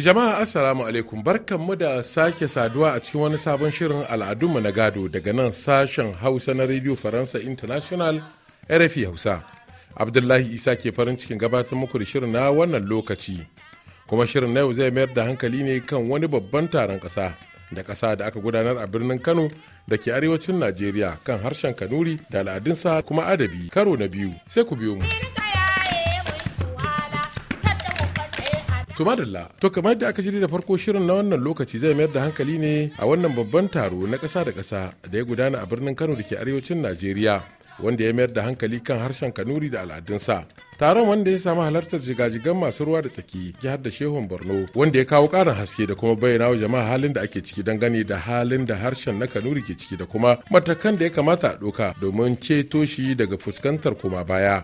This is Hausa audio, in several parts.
Jama'a Assalamu alaikum mu da sake saduwa a cikin wani sabon shirin al'adunmu na gado daga nan sashen Hausa na Radio Faransa International RFI Hausa. Abdullahi Isa ke farin cikin gabatar muku da shirin na wannan lokaci. Kuma shirin na yau zai mayar da hankali ne kan wani babban taron ƙasa da ƙasa da aka gudanar a birnin Kano da ke arewacin Najeriya kan harshen Kanuri da al'adunsa kuma adabi karo na biyu sai ku biyo mu. To madalla, to kamar da aka shirya da farko shirin na wannan lokaci zai mayar da hankali ne a wannan babban taro na ƙasa da kasa da ya gudana a birnin Kano da ke arewacin Najeriya. wanda ya mayar da hankali kan harshen kanuri da al'adunsa taron wanda ya samu halartar jigajigan masu ruwa da tsaki jihar da shehun borno wanda ya kawo ƙarin haske da kuma bayyana wa jama'a halin da ake ciki dangane da halin da harshen na kanuri ke ciki da kuma matakan da ya kamata a ɗauka domin ceto shi daga fuskantar kuma baya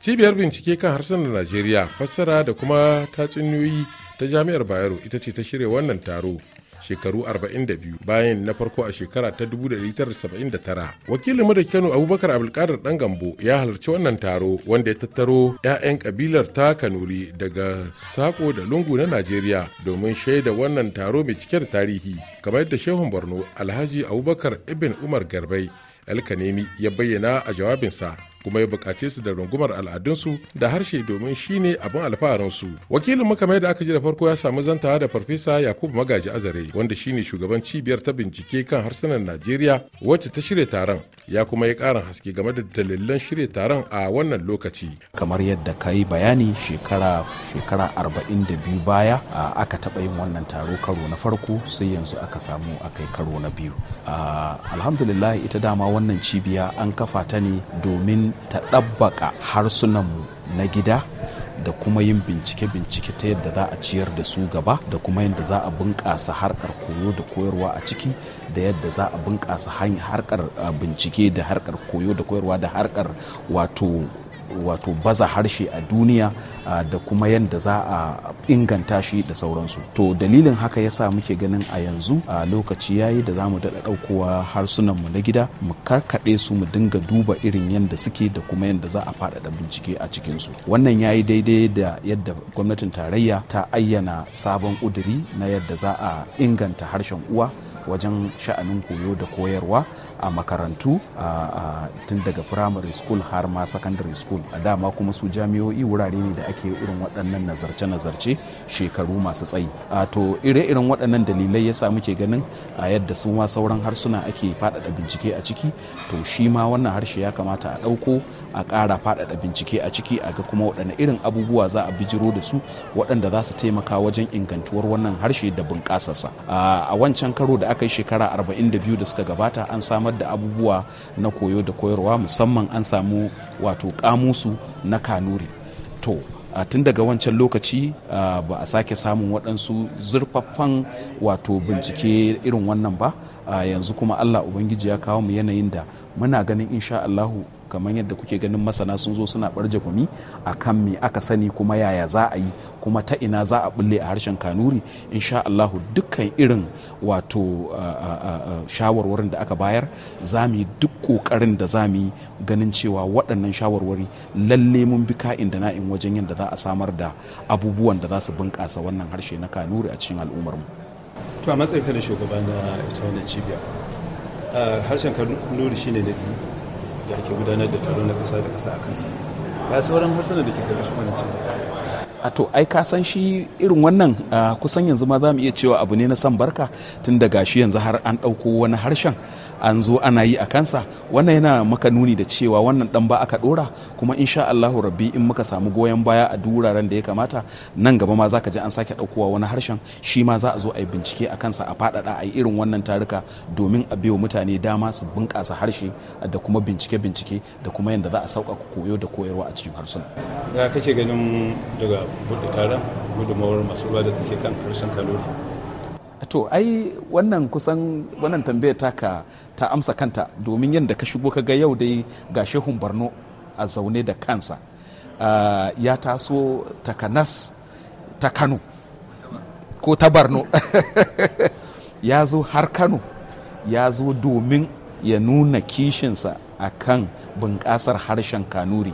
cibiyar bincike kan harsunan najeriya fassara da kuma tatsuniyoyi ta jami'ar bayero ita ce ta shirya wannan taro shekaru 42 bayan na farko a shekara ta 1979 wakilin da kano abubakar abulkadar dan gambo ya halarci wannan taro wanda ya tattaro 'ya'yan kabilar ta kanuri daga sako da lungu na najeriya domin shaida wannan taro mai cike da tarihi kamar yadda shehun borno alhaji abubakar ibn umar garbai alkanemi ya bayyana a jawabinsa kuma ya bukace su da rungumar al'adunsu da harshe domin shine abin alfaharinsu wakilin makamai da aka ji da farko ya samu zantawa da farfesa yakubu magaji azare wanda shine shugaban cibiyar ta bincike kan harsunan najeriya wacce ta shirya taron ya kuma ya karin haske game da dalilan shirya taron a wannan lokaci kamar yadda ka yi bayani shekara shekara arba'in da biyu baya aka taɓa yin wannan taro karo na farko sai yanzu aka samu akai kai karo na biyu alhamdulillah ita dama wannan cibiya an kafa ta ne domin ta ɗabbaka harsunanmu na gida da kuma yin bincike-bincike ta yadda za a ciyar da su gaba da kuma yadda za a bunƙasa harkar koyo da koyarwa a ciki da yadda za a bunƙasa harkar ah, bincike da harkar koyo da koyarwa da harkar wato wato baza harshe a duniya da kuma yadda za a inganta shi da sauransu to dalilin haka yasa muke ganin a yanzu a lokaci yayi da za mu daɗa ɗaukowa harsunan mu na gida mu karkaɗe su mu dinga duba irin yadda suke da kuma yadda za a faɗaɗa bincike a cikinsu wannan yayi daidai da yadda gwamnatin tarayya ta ayyana sabon ƙuduri na yadda za a inganta harshen uwa wajen sha'anin koyo da koyarwa a makarantu tun daga primary school har ma secondary school a dama kuma su jami'o'i wurare ne da ake irin waɗannan nazarce-nazarce shekaru masu tsayi to ire-iren waɗannan dalilai ya sa muke ganin a yadda su ma sauran harsuna ake faɗaɗa bincike a ciki to shi ma wannan harshe ya kamata a ɗauko a ƙara faɗaɗa bincike a ciki a ga kuma waɗanne irin abubuwa za a bijiro da su waɗanda za su taimaka wajen ingantuwar wannan harshe da bunƙasarsa a wancan karo da aka yi shekara 42 da suka gabata an samu samar da abubuwa na koyo da koyarwa musamman an samu wato kamusu na kanuri to a tun daga wancan lokaci ba a sake samun waɗansu zurfaffan wato bincike irin wannan ba yanzu kuma allah ubangiji ya kawo mu yanayin da muna ganin insha allahu kamar yadda kuke ganin masana sun zo suna barje gumi a kan me aka sani kuma yaya za a yi kuma ta ina za a bulle a harshen kanuri insha Allahu dukkan irin wato shawarwarin da aka bayar za mu yi duk kokarin da za mu yi ganin cewa waɗannan shawarwari lalle mun bi ka'in da na'in wajen yadda za a samar da abubuwan da za su bunƙasa wannan harshe na kanuri a cikin al'ummarmu. to a matsayinka da shugaba na ita wannan cibiya harshen kanuri shine da biyu da ake gudanar da taro na kasa da kasa a kansa ba sauran harsunan da ke karkashin wani canjin a to ai ka san shi irin wannan kusan yanzu ma za mu iya cewa abu ne na san barka tun daga shi yanzu har an ɗauko wani harshen an zo ana yi a kansa wannan yana maka nuni da cewa wannan dan ba aka dora kuma insha Allahu rabbi in muka samu goyon baya a duraren da ya kamata nan gaba ma za ka ji an sake daukowa wani harshen shi ma za a zo a yi bincike a kansa a faɗaɗa a yi irin wannan taruka domin a biyo mutane dama su bunkasa harshe da kuma bincike bincike da kuma yadda za a sauka koyo da koyarwa a cikin harsuna ya kace ganin daga buɗe taron gudunmawar masu ruwa da suke kan harshen kaloli to ai wannan kusan wannan tambaya taka ta amsa kanta domin yadda ka shigo ka ga yau dai ga shehun barno a zaune da kansa ah, ya taso takanas ta kano ko ta barno ya zo har kano ya zo domin ya nuna kishinsa a kan bunƙasar harshen kanuri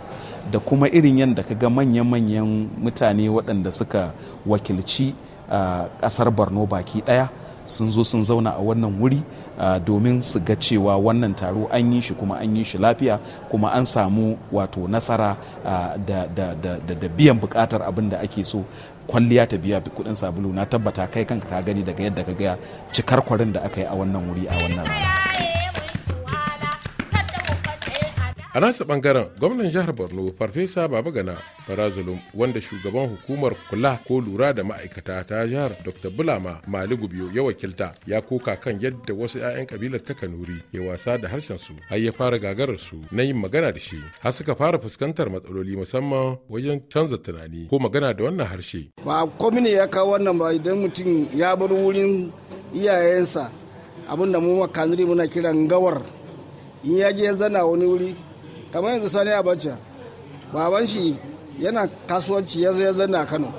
da kuma irin yadda ka ga manya-manyan mutane waɗanda suka wakilci ƙasar borno baki ɗaya sun zo sun zauna a wannan wuri domin su ga cewa wannan taro an yi shi kuma an yi shi lafiya kuma an samu wato nasara da biyan bukatar abin da ake so kwalliya ta biya kudin sabulu na tabbata kai kanka ka gani daga yadda ka gaya cikar kwarin da aka yi a wannan wuri a wannan rana a nasa bangaren gwamnan jihar borno farfesa gana barazulum wanda shugaban hukumar kula ko lura da ma'aikata ta jihar dr bulama malibu biyu ya wakilta ya koka kan yadda wasu 'ya'yan kabilar ta kanuri ya wasa da harshen su har ya fara gagarar su na yin magana da shi har suka fara fuskantar matsaloli musamman wajen canza tunani ko magana da wannan harshe ba komini ya kawo wannan ba idan mutum ya bar wurin iyayensa abinda mu makanuri muna kiran gawar in ya je zana wani wuri kamar yanzu sani abacha baban shi yana kasuwanci ya zo ya zanna a kano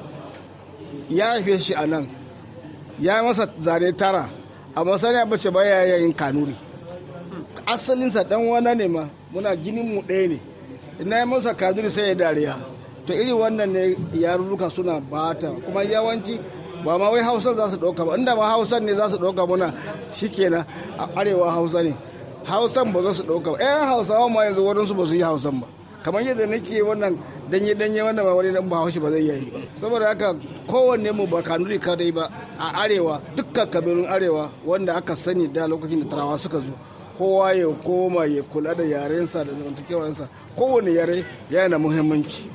ya haife shi a nan ya masa zane tara a sani abacha ba ya yayin kanuri asalinsa dan wana ne ma muna ginin mu ɗaya ne ina ya masa kanuri sai ya dariya to iri wannan ne yarurruka suna bata kuma yawanci ba ma wai hausa za su ɗauka ba inda ma hausa ne za su ɗauka muna shikenan a arewa hausa ne hausan ba za su ɗauka ba ƴan hausawa ma yanzu su ba su yi hausan ba kamar yadda nake wannan danye danye wannan ba wani dan ba haushi ba zai yi saboda haka kowanne mu ba kanuri kadai ba a arewa dukkan kabilun arewa wanda aka sani da lokacin da tarawa suka zo kowa ya koma ya kula da yarensa da zamantakewarsa kowane yare yana muhimmanci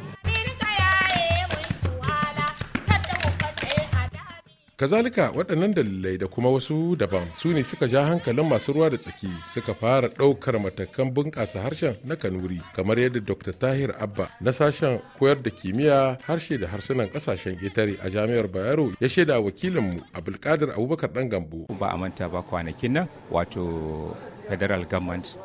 kazalika waɗannan dalilai da kuma wasu daban su ne suka ja hankalin masu ruwa da tsaki suka fara ɗaukar matakan bunƙasa harshen na kanuri kamar yadda dr tahir abba na sashen koyar da kimiyya harshe da harsunan ƙasashen itare a jami'ar bayero ya shaida wakilinmu abulkadir abubakar ɗan gambo ba a manta ba kwanakin nan wato federal government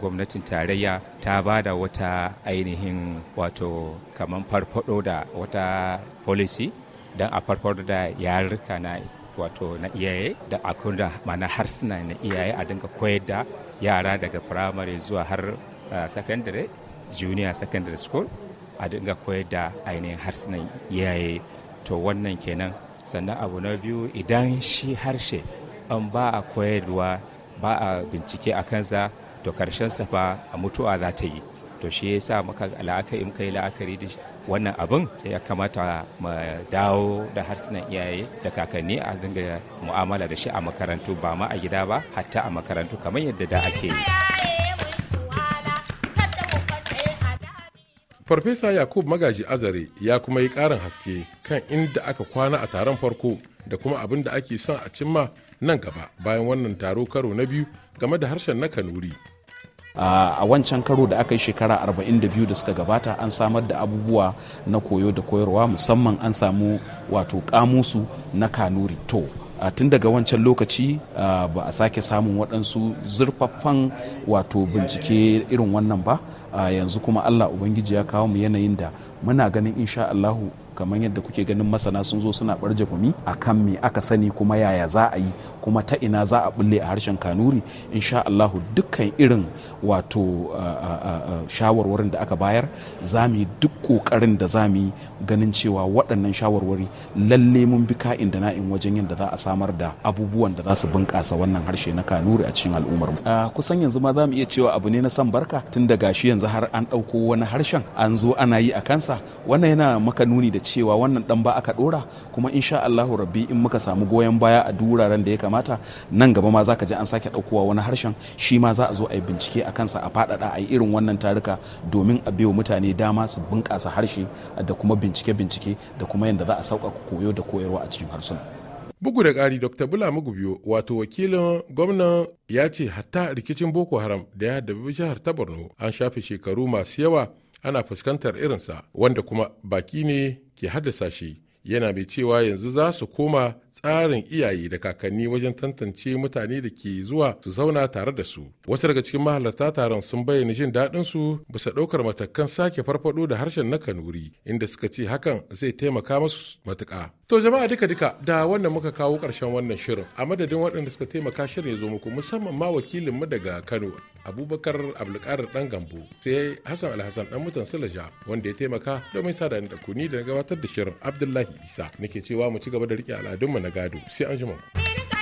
gwamnatin tarayya ta ba da wata ainihin wato kamar farfado da wata policy don a farfar da yarurruka na wato na iyaye da akunda mana harsuna na iyaye a dinga koyar da yara daga firamare zuwa har ah, sakandare junior secondary school a dinga koyar da ainihin harsunan iyaye to wannan kenan sannan abu na biyu idan shi harshe an ba a koyarwa ba a bincike a kansa to karshen safa a mutuwa za ta yi to shi ya sa muka muka yi la'akari da wannan abin ya kamata mu dawo da harsunan iyaye da kakanni a dinga mu'amala da shi a makarantu ba ma a gida ba hatta a makarantu kamar yadda da ake yi. Farfesa Yakub Magaji Azare ya kuma yi ƙarin haske kan inda aka kwana a taron farko da kuma abin da ake son a cimma nan gaba bayan wannan taro karo na biyu game da harshen na Kanuri. a wancan karo da aka yi shekara 42 da suka gabata an samar da abubuwa na koyo da koyarwa musamman an samu wato kamusu na kanuri to a tun daga wancan lokaci ba a sake samun waɗansu zurfaffan wato bincike irin wannan ba yanzu kuma allah ubangiji ya kawo mu yanayin da muna ganin insha allahu kamar yadda kuke ganin masana sun zo suna barje kumi kan me aka sani kuma yaya za a yi kuma ta ina za a bulle a harshen kanuri insha Allahu dukkan irin wato shawarwarin da aka bayar za mu yi duk kokarin da za mu yi ganin cewa waɗannan shawarwari lalle mun bi ka'in da na'in wajen yadda za a samar da abubuwan da za su bunƙasa wannan harshe na kanuri a cikin al'ummar mu kusan yanzu ma za mu iya cewa abu ne na san barka tun da shi yanzu har an ɗauko wani harshen an zo ana yi a kansa wannan yana maka nuni da cewa wannan dan ba aka dora kuma insha Allahu rabbi in muka samu goyon baya a duraren da ya kamata nan gaba ma zaka je an sake daukowa wani harshen shi ma za a zo a yi bincike a kansa a faɗaɗa a yi irin wannan taruka domin a biyo mutane dama su bunƙasa harshe da kuma bincike-bincike da kuma yadda za a sauka koyo da koyarwa a cikin harsuna. Bugu da ƙari Dr. Bula mugubiyo wato wakilin gwamnan ya ce hatta rikicin Boko Haram da ya haddabi jihar ta Borno an shafe shekaru masu yawa ana fuskantar irinsa wanda kuma baki ne ke haddasa shi yana mai cewa yanzu za su koma tsarin iyaye da kakanni wajen tantance mutane da ke zuwa su zauna tare da su wasu daga cikin mahalarta taron sun bayyana jin daɗin su bisa ɗaukar matakan sake farfado da harshen na kanuri inda suka ce hakan zai taimaka musu matuka. to jama'a duka duka da wannan muka kawo ƙarshen wannan shirin a madadin waɗanda suka taimaka shirin ya zo muku musamman ma wakilinmu daga kano abubakar abdulkadir dan gambo sai hassan alhassan dan mutan salaja wanda ya taimaka domin sada da ku ni da gabatar da shirin abdullahi isa nake cewa mu ci gaba da riƙe al'adunmu na gado sai an